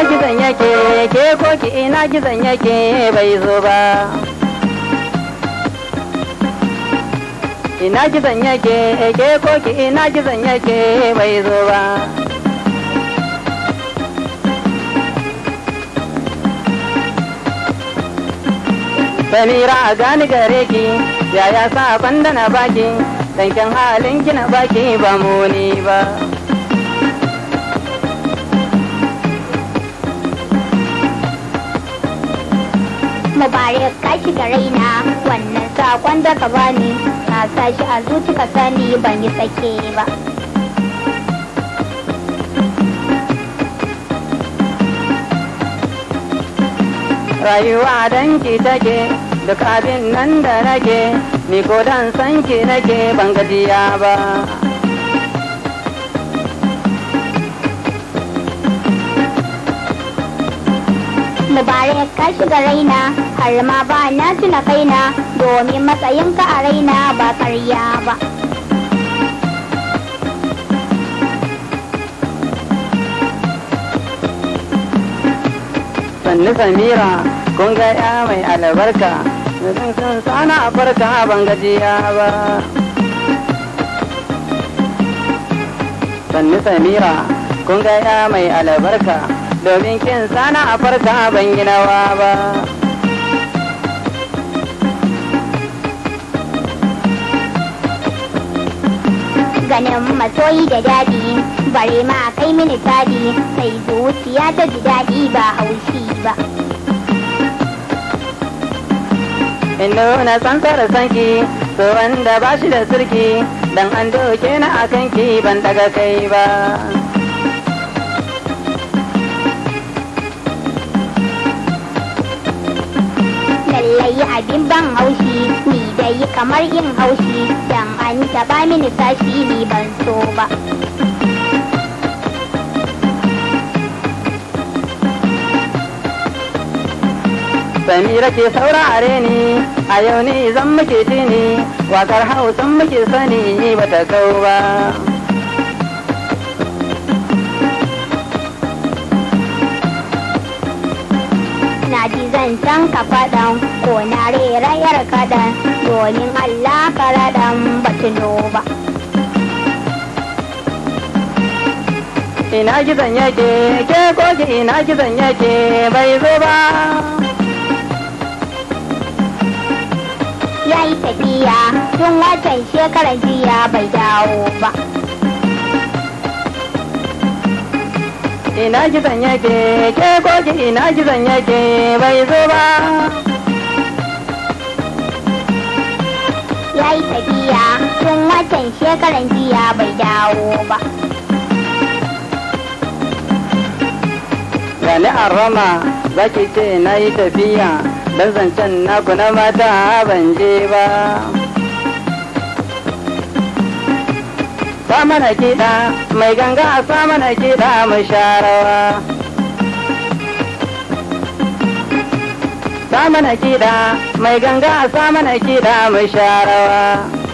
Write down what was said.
ina gizon yake ke koki ina gizon yake bai zo ba ina gizon yake ke koki ina gizon yake bai zo ba Samira a gani gare ki yaya sa bandana baki danken halin gina baki ba muni ba mubarak ka shiga raina wannan sakon da ka bani na sa a zuci sani ban yi sake ba rayuwa danki take duk abin nan da rage ni ko dan sanki nake ban gajiya ba mubarak ka shiga raina har ma ba na tuna kaina domin matsayinka a raina ba karya ba sannu samira kun ga ya mai albarka sana a farka ban gajiya ba sannu samira kun ga ya mai albarka domin kin sana a farka ban yi nawa ba. Ganin masoyi da daɗi, bare ma kai mini tadi, sai zuciya ta ji daɗi ba haushi ba. Inda na san tsara sanki, to wanda ba shi da sirki, dan an doke na a kanki ban daga kai ba. abin ban haushi ni da yi kamar yin haushi dan an taba mini sashi ni ban so ba samira ke a ni a yau ni zan muke tuni, wakar hausan muke sani ba ta kau ba zancen ka fadan ko na rerayar kadan domin Allah ka raɗan ba ba. Ina gizon yake, ke koki ina gizon yake bai zo ba. Ya yi tafiya tun watan shekarar jiya bai dawo ba. ina gizon yake ke koki ina gizon yake bai zo ba ya yi tafiya tun watan shekaran jiya bai dawo ba yani an rama zaki ce na yi tafiya don zancen naku na mata ban je ba sa mana kiɗa mai ganga a sa kiɗa mai sharawa sa mana kiɗa mai ganga a sa mana kiɗa mai sharawa